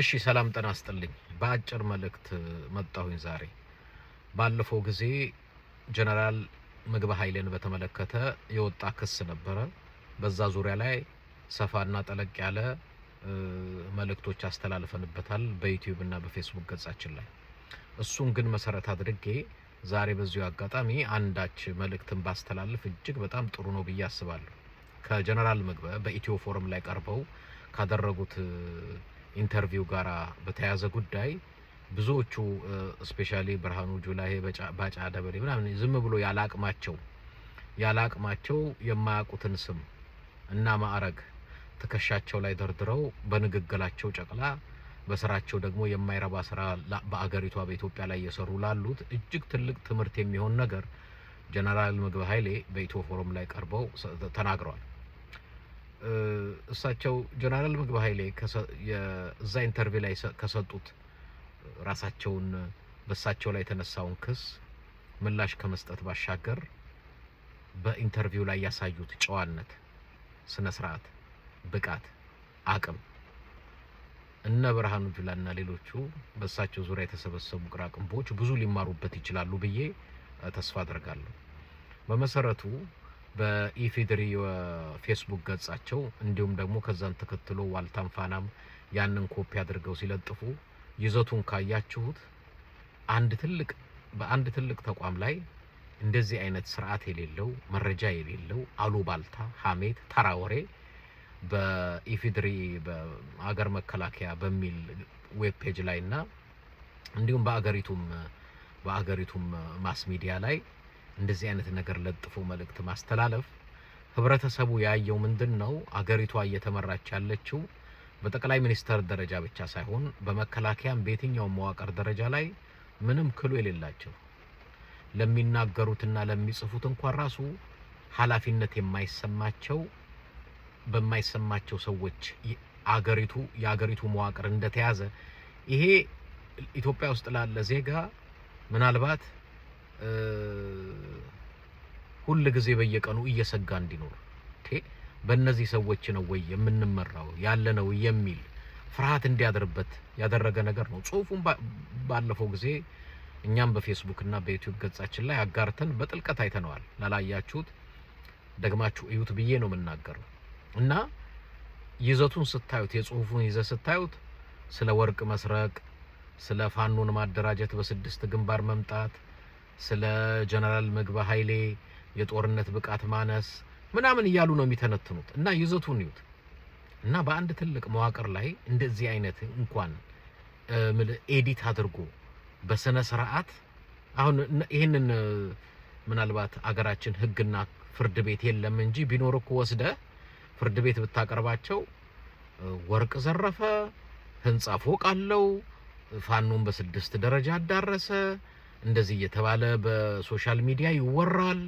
እሺ ሰላም ጤና አስጥልኝ በአጭር መልእክት መጣሁኝ ዛሬ። ባለፈው ጊዜ ጀነራል ምግበ ኃይሌን በተመለከተ የወጣ ክስ ነበረ። በዛ ዙሪያ ላይ ሰፋና ጠለቅ ያለ መልእክቶች አስተላልፈንበታል በዩቲዩብ እና በፌስቡክ ገጻችን ላይ። እሱን ግን መሰረት አድርጌ ዛሬ በዚሁ አጋጣሚ አንዳች መልእክትን ባስተላልፍ እጅግ በጣም ጥሩ ነው ብዬ አስባለሁ። ከጀነራል ምግበ በኢትዮ ፎረም ላይ ቀርበው ካደረጉት ኢንተርቪው ጋር በተያያዘ ጉዳይ ብዙዎቹ ስፔሻሊ ብርሃኑ ጁላ፣ ባጫ ደበሌ ምናምን ዝም ብሎ ያላቅማቸው ያላቅማቸው የማያውቁትን ስም እና ማዕረግ ትከሻቸው ላይ ደርድረው በንግግራቸው ጨቅላ በስራቸው ደግሞ የማይረባ ስራ በአገሪቷ በኢትዮጵያ ላይ እየሰሩ ላሉት እጅግ ትልቅ ትምህርት የሚሆን ነገር ጀነራል ምግብ ኃይሌ በኢትዮ ፎረም ላይ ቀርበው ተናግረዋል። እሳቸው ጀነራል ምግብ ኃይሌ የዛ ኢንተርቪው ላይ ከሰጡት ራሳቸውን በእሳቸው ላይ የተነሳውን ክስ ምላሽ ከመስጠት ባሻገር በኢንተርቪው ላይ ያሳዩት ጨዋነት፣ ስነ ስርዓት፣ ብቃት፣ አቅም እነ ብርሃኑ ጁላና ሌሎቹ በእሳቸው ዙሪያ የተሰበሰቡ ቅራቅንቦች ብዙ ሊማሩበት ይችላሉ ብዬ ተስፋ አድርጋለሁ። በመሰረቱ በኢፌዴሪ ፌስቡክ ገጻቸው እንዲሁም ደግሞ ከዛን ተከትሎ ዋልታም ፋናም ያንን ኮፒ አድርገው ሲለጥፉ ይዘቱን ካያችሁት አንድ ትልቅ በአንድ ትልቅ ተቋም ላይ እንደዚህ አይነት ስርዓት የሌለው መረጃ የሌለው አሉባልታ፣ ሀሜት፣ ተራ ወሬ በኢፌዴሪ በአገር መከላከያ በሚል ዌብ ፔጅ ላይ እና እንዲሁም በአገሪቱም በአገሪቱም ማስ ሚዲያ ላይ እንደዚህ አይነት ነገር ለጥፎ መልእክት ማስተላለፍ ህብረተሰቡ ያየው ምንድን ነው? አገሪቷ እየተመራች ያለችው በጠቅላይ ሚኒስተር ደረጃ ብቻ ሳይሆን በመከላከያም በየትኛው መዋቅር ደረጃ ላይ ምንም ክሉ የሌላቸው ለሚናገሩትና ለሚጽፉት እንኳን ራሱ ኃላፊነት የማይሰማቸው በማይሰማቸው ሰዎች አገሪቱ የአገሪቱ መዋቅር እንደተያዘ ይሄ ኢትዮጵያ ውስጥ ላለ ዜጋ ምናልባት ሁል ጊዜ በየቀኑ እየሰጋ እንዲኖር በእነዚህ ሰዎች ነው ወይ የምንመራው ያለ ነው የሚል ፍርሃት እንዲያደርበት ያደረገ ነገር ነው። ጽሁፉን ባለፈው ጊዜ እኛም በፌስቡክ እና በዩቲዩብ ገጻችን ላይ አጋርተን በጥልቀት አይተነዋል። ላላያችሁት ደግማችሁ እዩት ብዬ ነው የምናገረው እና ይዘቱን ስታዩት የጽሁፉን ይዘት ስታዩት ስለ ወርቅ መስረቅ፣ ስለ ፋኖን ማደራጀት፣ በስድስት ግንባር መምጣት ስለ ጀነራል ምግበ ኃይሌ የጦርነት ብቃት ማነስ ምናምን እያሉ ነው የሚተነትኑት እና ይዘቱን ይዩት እና በአንድ ትልቅ መዋቅር ላይ እንደዚህ አይነት እንኳን ኤዲት አድርጎ በስነ ስርዓት አሁን ይህንን ምናልባት አገራችን ህግና ፍርድ ቤት የለም እንጂ ቢኖር እኮ ወስደ ፍርድ ቤት ብታቀርባቸው ወርቅ ዘረፈ፣ ህንጻ ፎቅ አለው፣ ፋኖን በስድስት ደረጃ አዳረሰ እንደዚህ እየተባለ በሶሻል ሚዲያ ይወራል።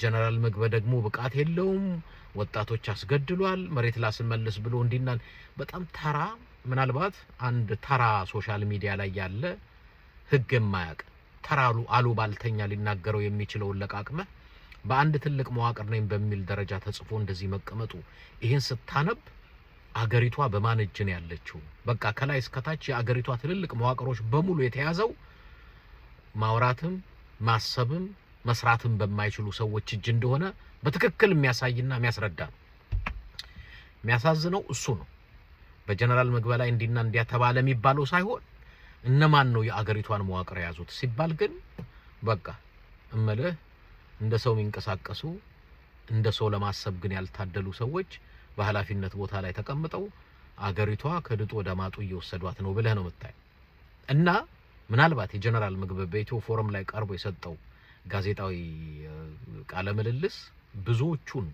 ጀነራል ምግበ ደግሞ ብቃት የለውም፣ ወጣቶች አስገድሏል፣ መሬት ላስመልስ ብሎ እንዲናል። በጣም ተራ ምናልባት አንድ ተራ ሶሻል ሚዲያ ላይ ያለ ህግ የማያውቅ ተራ አሉባልተኛ ሊናገረው የሚችለውን ለቃቅመ በአንድ ትልቅ መዋቅር ነኝ በሚል ደረጃ ተጽፎ እንደዚህ መቀመጡ ይህን ስታነብ አገሪቷ በማን እጅ ያለችው? በቃ ከላይ እስከታች የአገሪቷ ትልልቅ መዋቅሮች በሙሉ የተያዘው ማውራትም ማሰብም መስራትም በማይችሉ ሰዎች እጅ እንደሆነ በትክክል የሚያሳይና የሚያስረዳ ነው። የሚያሳዝነው እሱ ነው። በጀነራል ምግበ ላይ እንዲና እንዲያ ተባለ የሚባለው ሳይሆን እነማን ነው የአገሪቷን መዋቅር የያዙት ሲባል ግን በቃ እምልህ እንደ ሰው የሚንቀሳቀሱ እንደ ሰው ለማሰብ ግን ያልታደሉ ሰዎች በኃላፊነት ቦታ ላይ ተቀምጠው አገሪቷ ከድጡ ወደ ማጡ እየወሰዷት ነው ብለህ ነው የምታየው። እና ምናልባት የጀነራል ምግብ በኢትዮ ፎረም ላይ ቀርቦ የሰጠው ጋዜጣዊ ቃለ ምልልስ ብዙዎቹን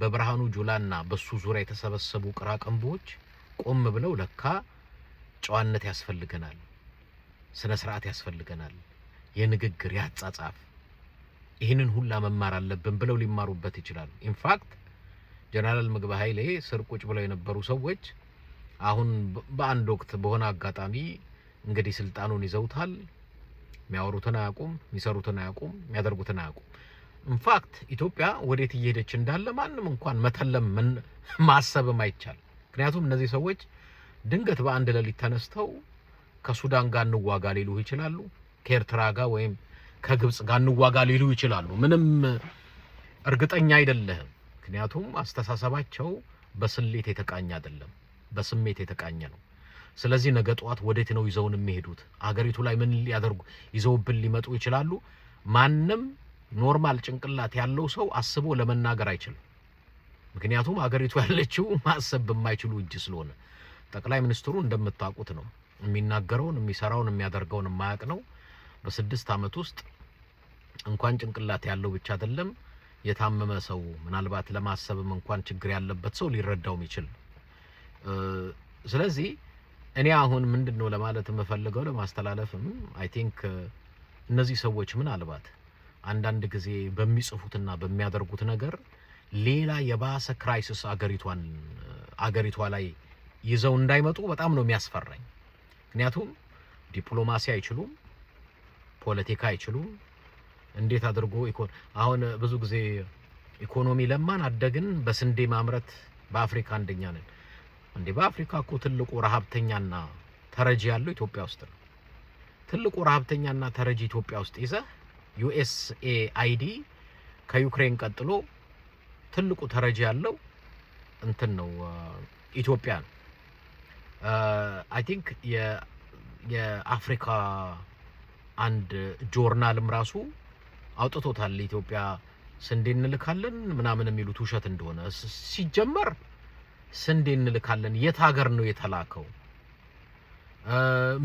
በብርሃኑ ጁላና በሱ ዙሪያ የተሰበሰቡ ቅራቅንቦች ቆም ብለው ለካ ጨዋነት ያስፈልገናል፣ ስነ ስርዓት ያስፈልገናል፣ የንግግር ያጻጻፍ፣ ይህንን ሁላ መማር አለብን ብለው ሊማሩበት ይችላሉ። ኢንፋክት ጀነራል ምግብ ኃይሌ ስር ቁጭ ብለው የነበሩ ሰዎች አሁን በአንድ ወቅት በሆነ አጋጣሚ እንግዲህ ስልጣኑን ይዘውታል። የሚያወሩትን አያውቁም፣ የሚሰሩትን አያውቁም፣ የሚያደርጉትን አያውቁም። ኢንፋክት ኢትዮጵያ ወዴት እየሄደች እንዳለ ማንም እንኳን መተለም ማሰብም አይቻል። ምክንያቱም እነዚህ ሰዎች ድንገት በአንድ ሌሊት ተነስተው ከሱዳን ጋር እንዋጋ ሊሉ ይችላሉ፣ ከኤርትራ ጋር ወይም ከግብጽ ጋር እንዋጋ ሊሉ ይችላሉ። ምንም እርግጠኛ አይደለህም። ምክንያቱም አስተሳሰባቸው በስሌት የተቃኘ አይደለም፣ በስሜት የተቃኘ ነው። ስለዚህ ነገ ጠዋት ወዴት ነው ይዘውን የሚሄዱት? አገሪቱ ላይ ምን ሊያደርጉ ይዘውብን ሊመጡ ይችላሉ? ማንም ኖርማል ጭንቅላት ያለው ሰው አስቦ ለመናገር አይችልም። ምክንያቱም አገሪቱ ያለችው ማሰብ በማይችሉ እጅ ስለሆነ ጠቅላይ ሚኒስትሩ እንደምታውቁት ነው። የሚናገረውን የሚሰራውን የሚያደርገውን የማያውቅ ነው። በስድስት ዓመት ውስጥ እንኳን ጭንቅላት ያለው ብቻ አይደለም የታመመ ሰው ምናልባት ለማሰብም እንኳን ችግር ያለበት ሰው ሊረዳውም ይችል። ስለዚህ እኔ አሁን ምንድን ነው ለማለት የምፈልገው ለማስተላለፍም አይ ቲንክ uh, እነዚህ ሰዎች ምናልባት አንዳንድ ጊዜ በሚጽፉትና በሚያደርጉት ነገር ሌላ የባሰ ክራይሲስ አገሪቷን uh, አገሪቷ ላይ ይዘው እንዳይመጡ በጣም ነው የሚያስፈራኝ። ምክንያቱም ዲፕሎማሲ አይችሉም፣ ፖለቲካ አይችሉም። እንዴት አድርጎ አሁን ብዙ ጊዜ ኢኮኖሚ ለማን አደግን፣ በስንዴ ማምረት በአፍሪካ አንደኛ ነን እንዴ በአፍሪካ እኮ ትልቁ ረሀብተኛና ተረጂ ያለው ኢትዮጵያ ውስጥ ነው። ትልቁ ረሀብተኛና ተረጂ ኢትዮጵያ ውስጥ ይዘ ዩኤስኤአይዲ ከዩክሬን ቀጥሎ ትልቁ ተረጂ ያለው እንትን ነው ኢትዮጵያ ነው። አይ ቲንክ የአፍሪካ አንድ ጆርናልም ራሱ አውጥቶታል። ኢትዮጵያ ስንዴ እንልካለን ምናምን የሚሉት ውሸት እንደሆነ ሲጀመር ስንዴ እንልካለን። የት ሀገር ነው የተላከው?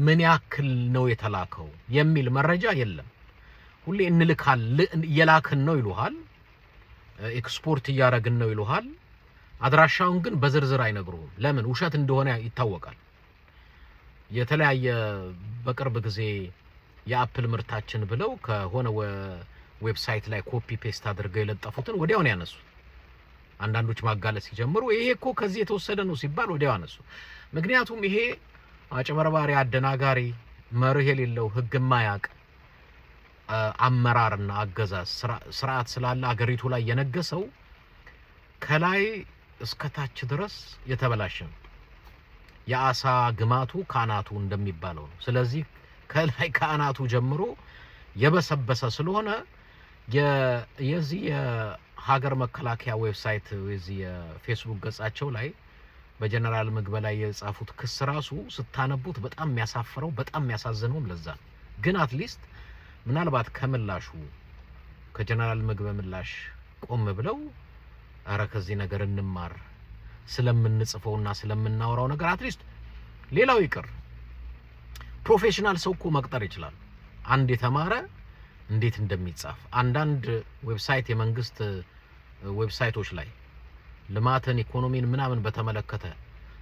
ምን ያክል ነው የተላከው የሚል መረጃ የለም። ሁሌ እንልካል እየላክን ነው ይሉሃል። ኤክስፖርት እያረግን ነው ይሉሃል። አድራሻውን ግን በዝርዝር አይነግሩም። ለምን? ውሸት እንደሆነ ይታወቃል። የተለያየ በቅርብ ጊዜ የአፕል ምርታችን ብለው ከሆነ ዌብሳይት ላይ ኮፒ ፔስት አድርገው የለጠፉትን ወዲያውን ያነሱት። አንዳንዶች ማጋለጥ ሲጀምሩ ይሄ እኮ ከዚህ የተወሰደ ነው ሲባል ወዲያው አነሱ። ምክንያቱም ይሄ አጭበርባሪ፣ አደናጋሪ፣ መርህ የሌለው ህግ ማያቅ አመራርና አገዛዝ ስርዓት ስላለ አገሪቱ ላይ የነገሰው ከላይ እስከታች ድረስ የተበላሸ ነው። የአሳ ግማቱ ከአናቱ እንደሚባለው ነው። ስለዚህ ከላይ ከአናቱ ጀምሮ የበሰበሰ ስለሆነ የዚህ ሀገር መከላከያ ዌብሳይት ወይዚ የፌስቡክ ገጻቸው ላይ በጀነራል ምግበ ላይ የጻፉት ክስ ራሱ ስታነቡት በጣም የሚያሳፍረው በጣም የሚያሳዝነውም ለዛ ግን አትሊስት ምናልባት ከምላሹ ከጀነራል ምግበ ምላሽ ቆም ብለው እረ ከዚህ ነገር እንማር ስለምንጽፈውና ስለምናወራው ነገር አትሊስት ሌላው ይቅር ፕሮፌሽናል ሰው እኮ መቅጠር ይችላል። አንድ የተማረ እንዴት እንደሚጻፍ አንዳንድ ዌብሳይት የመንግስት ዌብሳይቶች ላይ ልማትን፣ ኢኮኖሚን ምናምን በተመለከተ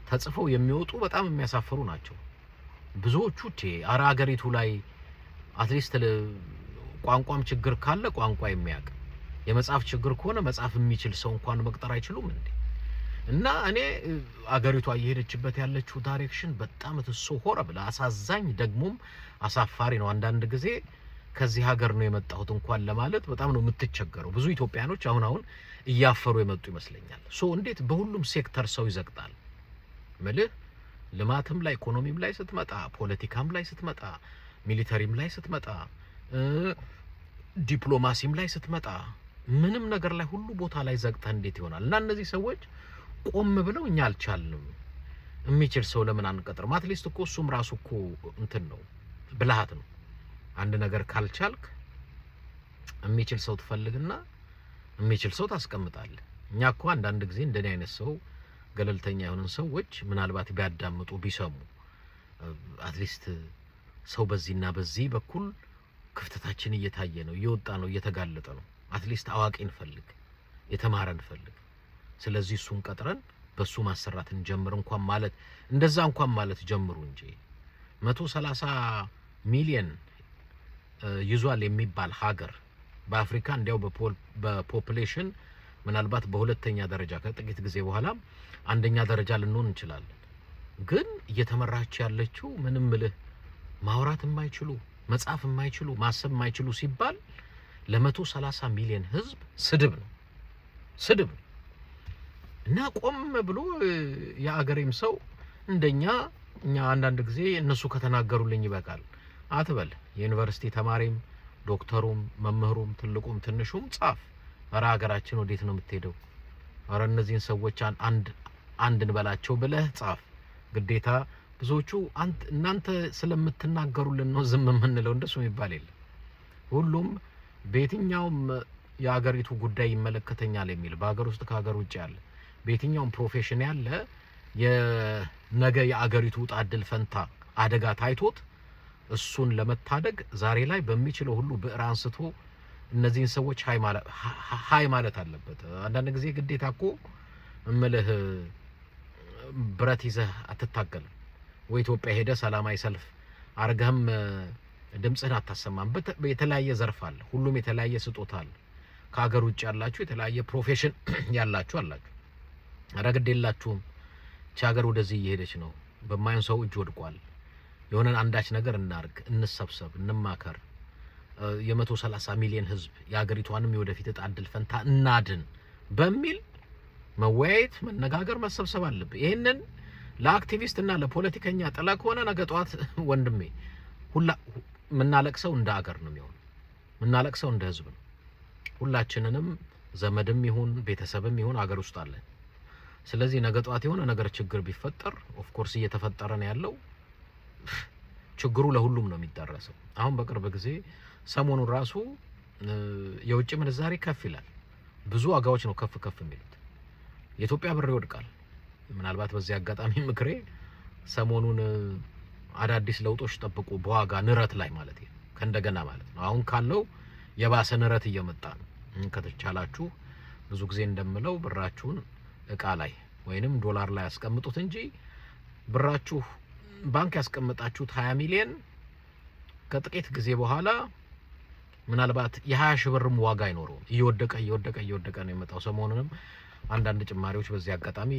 ተጽፈው የሚወጡ በጣም የሚያሳፍሩ ናቸው። ብዙዎቹ ቼ አረ ሀገሪቱ ላይ አትሊስት ቋንቋም ችግር ካለ ቋንቋ የሚያውቅ የመጻፍ ችግር ከሆነ መጻፍ የሚችል ሰው እንኳን መቅጠር አይችሉም እንዴ? እና እኔ አገሪቷ እየሄደችበት ያለችው ዳይሬክሽን በጣም ትሶ ሆረ ብላ አሳዛኝ ደግሞም አሳፋሪ ነው። አንዳንድ ጊዜ ከዚህ ሀገር ነው የመጣሁት እንኳን ለማለት በጣም ነው የምትቸገረው። ብዙ ኢትዮጵያኖች አሁን አሁን እያፈሩ የመጡ ይመስለኛል። ሶ እንዴት በሁሉም ሴክተር ሰው ይዘግጣል ምልህ ልማትም ላይ ኢኮኖሚም ላይ ስትመጣ፣ ፖለቲካም ላይ ስትመጣ፣ ሚሊተሪም ላይ ስትመጣ፣ ዲፕሎማሲም ላይ ስትመጣ፣ ምንም ነገር ላይ ሁሉ ቦታ ላይ ዘግተህ እንዴት ይሆናል? እና እነዚህ ሰዎች ቆም ብለው እኛ አልቻልንም የሚችል ሰው ለምን አንቀጥርም? አትሊስት እኮ እሱም ራሱ እኮ እንትን ነው ብልሃት ነው። አንድ ነገር ካልቻልክ የሚችል ሰው ትፈልግና የሚችል ሰው ታስቀምጣለህ። እኛ እኮ አንዳንድ ጊዜ እንደኔ አይነት ሰው ገለልተኛ የሆነን ሰዎች ምናልባት ቢያዳምጡ ቢሰሙ አትሊስት ሰው በዚህና በዚህ በኩል ክፍተታችን እየታየ ነው፣ እየወጣ ነው፣ እየተጋለጠ ነው። አትሊስት አዋቂ እንፈልግ፣ የተማረ እንፈልግ። ስለዚህ እሱን ቀጥረን በሱ ማሰራት እንጀምር እንኳን ማለት እንደዛ እንኳን ማለት ጀምሩ እንጂ መቶ ሰላሳ ሚሊየን ይዟል የሚባል ሀገር በአፍሪካ እንዲያው በፖፕሌሽን ምናልባት በሁለተኛ ደረጃ ከጥቂት ጊዜ በኋላ አንደኛ ደረጃ ልንሆን እንችላለን። ግን እየተመራች ያለችው ምንም ልህ ማውራት የማይችሉ መጻፍ የማይችሉ ማሰብ የማይችሉ ሲባል ለመቶ ሰላሳ ሚሊዮን ህዝብ ስድብ ነው ስድብ ነው እና ቆም ብሎ የአገሬም ሰው እንደኛ እኛ አንዳንድ ጊዜ እነሱ ከተናገሩልኝ ይበቃል አትበል የዩኒቨርሲቲ ተማሪም ዶክተሩም መምህሩም ትልቁም ትንሹም ጻፍ። እረ ሀገራችን ወዴት ነው የምትሄደው? እረ እነዚህን ሰዎች አንድ አንድ እንበላቸው ብለህ ጻፍ። ግዴታ ብዙዎቹ እናንተ ስለምትናገሩልን ነው ዝም የምንለው። እንደሱ የሚባል የለም። ሁሉም በየትኛውም የሀገሪቱ ጉዳይ ይመለከተኛል የሚል በሀገር ውስጥ ከሀገር ውጭ ያለ በየትኛውም ፕሮፌሽን ያለ የነገ የአገሪቱ ውጣ እድል ፈንታ አደጋ ታይቶት እሱን ለመታደግ ዛሬ ላይ በሚችለው ሁሉ ብዕር አንስቶ እነዚህን ሰዎች ሀይ ማለት አለበት። አንዳንድ ጊዜ ግዴታ እኮ እምልህ ብረት ይዘህ አትታገልም ወይ ኢትዮጵያ ሄደ ሰላማዊ ሰልፍ አርገህም ድምፅህን አታሰማም። የተለያየ ዘርፍ አለ። ሁሉም የተለያየ ስጦታ አለ። ከሀገር ውጭ ያላችሁ የተለያየ ፕሮፌሽን ያላችሁ አላችሁ። አረ የላችሁም። ሀገር ወደዚህ እየሄደች ነው፣ በማይሆን ሰው እጅ ወድቋል የሆነን አንዳች ነገር እናርግ፣ እንሰብሰብ፣ እንማከር። የመቶ ሰላሳ ሚሊዮን ህዝብ የሀገሪቷንም የወደፊት እጣ እድል ፈንታ እናድን በሚል መወያየት፣ መነጋገር፣ መሰብሰብ አለብን። ይህንን ለአክቲቪስት እና ለፖለቲከኛ ጥላ ከሆነ ነገ ጠዋት ወንድሜ ሁላ የምናለቅሰው እንደ አገር ነው የሚሆን የምናለቅሰው እንደ ህዝብ ነው። ሁላችንንም ዘመድም ይሁን ቤተሰብም ይሁን አገር ውስጥ አለን። ስለዚህ ነገ ጠዋት የሆነ ነገር ችግር ቢፈጠር ኦፍኮርስ እየተፈጠረ ነው ያለው ችግሩ ለሁሉም ነው የሚዳረሰው። አሁን በቅርብ ጊዜ ሰሞኑን ራሱ የውጭ ምንዛሬ ከፍ ይላል። ብዙ ዋጋዎች ነው ከፍ ከፍ የሚሉት። የኢትዮጵያ ብር ይወድቃል። ምናልባት በዚህ አጋጣሚ ምክሬ ሰሞኑን አዳዲስ ለውጦች ጠብቁ፣ በዋጋ ንረት ላይ ማለት ነው። ከእንደገና ማለት ነው አሁን ካለው የባሰ ንረት እየመጣ ነው። ከተቻላችሁ ብዙ ጊዜ እንደምለው ብራችሁን እቃ ላይ ወይንም ዶላር ላይ ያስቀምጡት እንጂ ብራችሁ ባንክ ያስቀመጣችሁት 20 ሚሊዮን ከጥቂት ጊዜ በኋላ ምናልባት የ20 ሺህ ብርም ዋጋ አይኖረውም። እየወደቀ እየወደቀ እየወደቀ ነው የመጣው። ሰሞኑንም አንዳንድ ጭማሪዎች በዚህ አጋጣሚ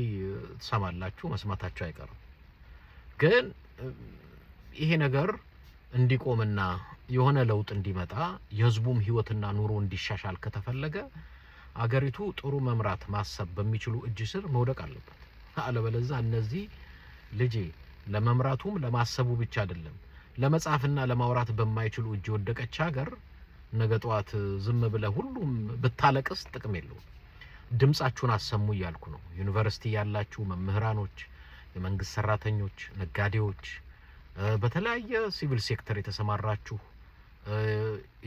ትሰማላችሁ፣ መስማታችሁ አይቀርም። ግን ይሄ ነገር እንዲቆምና የሆነ ለውጥ እንዲመጣ የህዝቡም ህይወትና ኑሮ እንዲሻሻል ከተፈለገ አገሪቱ ጥሩ መምራት ማሰብ በሚችሉ እጅ ስር መውደቅ አለበት። አለበለዚያ እነዚህ ልጄ ለመምራቱም ለማሰቡ ብቻ አይደለም። ለመጻፍና ለማውራት በማይችሉ እጅ የወደቀች ሀገር ነገ ጠዋት ዝም ብለህ ሁሉም ብታለቅስ ጥቅም የለውም። ድምጻችሁን አሰሙ እያልኩ ነው። ዩኒቨርሲቲ ያላችሁ መምህራኖች፣ የመንግስት ሰራተኞች፣ ነጋዴዎች፣ በተለያየ ሲቪል ሴክተር የተሰማራችሁ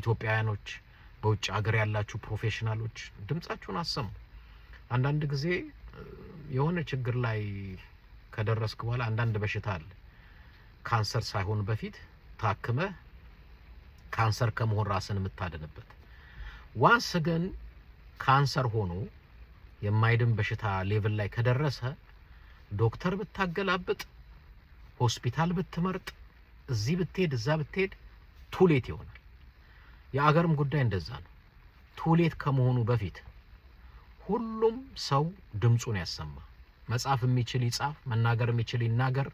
ኢትዮጵያውያኖች፣ በውጭ ሀገር ያላችሁ ፕሮፌሽናሎች ድምጻችሁን አሰሙ። አንዳንድ ጊዜ የሆነ ችግር ላይ ከደረስክ በኋላ አንዳንድ በሽታ አለ። ካንሰር ሳይሆን በፊት ታክመ ካንሰር ከመሆን ራስን የምታድንበት። ዋንስ ግን ካንሰር ሆኖ የማይድን በሽታ ሌቭል ላይ ከደረሰ ዶክተር ብታገላብጥ፣ ሆስፒታል ብትመርጥ፣ እዚህ ብትሄድ፣ እዛ ብትሄድ ቱሌት ይሆናል። የአገርም ጉዳይ እንደዛ ነው። ቱሌት ከመሆኑ በፊት ሁሉም ሰው ድምፁን ያሰማ። መጻፍ የሚችል ይጻፍ፣ መናገር የሚችል ይናገር።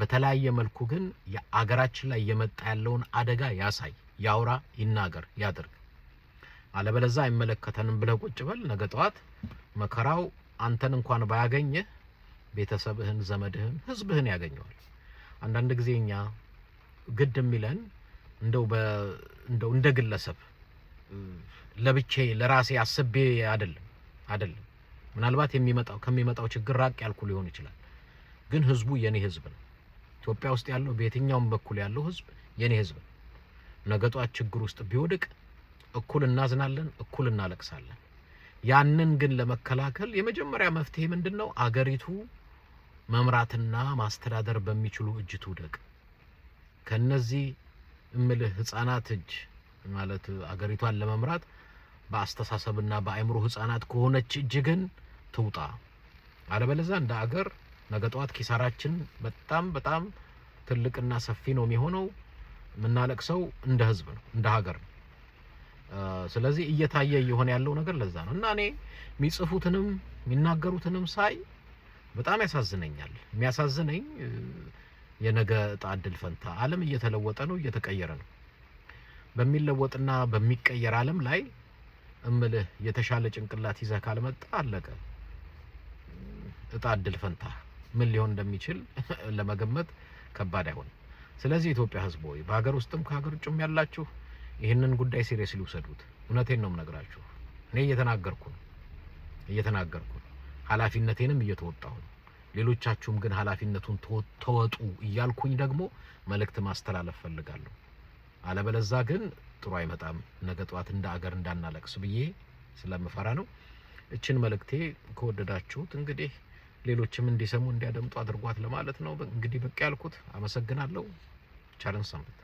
በተለያየ መልኩ ግን የአገራችን ላይ እየመጣ ያለውን አደጋ ያሳይ፣ ያውራ፣ ይናገር፣ ያድርግ። አለበለዛ አይመለከተንም ብለህ ቁጭ በል። ነገ ጠዋት መከራው አንተን እንኳን ባያገኝህ ቤተሰብህን፣ ዘመድህን፣ ህዝብህን ያገኘዋል። አንዳንድ ጊዜ እኛ ግድ የሚለን እንደው እንደው እንደ ግለሰብ ለራሴ አስቤ አይደለም አይደለም ምናልባት የሚመጣው ከሚመጣው ችግር ራቅ ያልኩ ሊሆን ይችላል። ግን ህዝቡ የኔ ህዝብ ነው። ኢትዮጵያ ውስጥ ያለው በየትኛውም በኩል ያለው ህዝብ የኔ ህዝብ ነው። ነገጧት ችግር ውስጥ ቢወድቅ እኩል እናዝናለን፣ እኩል እናለቅሳለን። ያንን ግን ለመከላከል የመጀመሪያ መፍትሄ ምንድን ነው? አገሪቱ መምራትና ማስተዳደር በሚችሉ እጅ ትውደቅ። ከነዚህ እምልህ ህጻናት እጅ ማለት አገሪቷን ለመምራት በአስተሳሰብና በአእምሮ ህጻናት ከሆነች እጅግን ትውጣ። አለበለዛ እንደ አገር ነገ ጠዋት ኪሳራችን በጣም በጣም ትልቅና ሰፊ ነው የሚሆነው። የምናለቅሰው እንደ ህዝብ ነው፣ እንደ ሀገር ነው። ስለዚህ እየታየ እየሆነ ያለው ነገር ለዛ ነው እና እኔ የሚጽፉትንም የሚናገሩትንም ሳይ በጣም ያሳዝነኛል። የሚያሳዝነኝ የነገ እጣ እድል ፈንታ ዓለም እየተለወጠ ነው፣ እየተቀየረ ነው። በሚለወጥና በሚቀየር ዓለም ላይ እምልህ የተሻለ ጭንቅላት ይዘህ ካልመጣ አለቀ። እጣ እድል ፈንታ ምን ሊሆን እንደሚችል ለመገመት ከባድ አይሆንም። ስለዚህ ኢትዮጵያ ሕዝቦች በሀገር ውስጥም ከሀገር ውጭም ያላችሁ ይህንን ጉዳይ ሲሪየስ ሊውሰዱት። እውነቴን ነው የምነግራችሁ። እኔ እየተናገርኩ ነው እየተናገርኩ ነው፣ ኃላፊነቴንም እየተወጣሁ ነው። ሌሎቻችሁም ግን ኃላፊነቱን ተወጡ እያልኩኝ ደግሞ መልእክት ማስተላለፍ ፈልጋለሁ። አለበለዛ ግን ጥሩ አይመጣም፣ ነገ ጠዋት እንደ አገር እንዳናለቅስ ብዬ ስለምፈራ ነው። እችን መልእክቴ ከወደዳችሁት እንግዲህ ሌሎችም እንዲሰሙ እንዲያደምጡ አድርጓት ለማለት ነው እንግዲህ ብቅ ያልኩት። አመሰግናለሁ። ቻለን ሰንብት።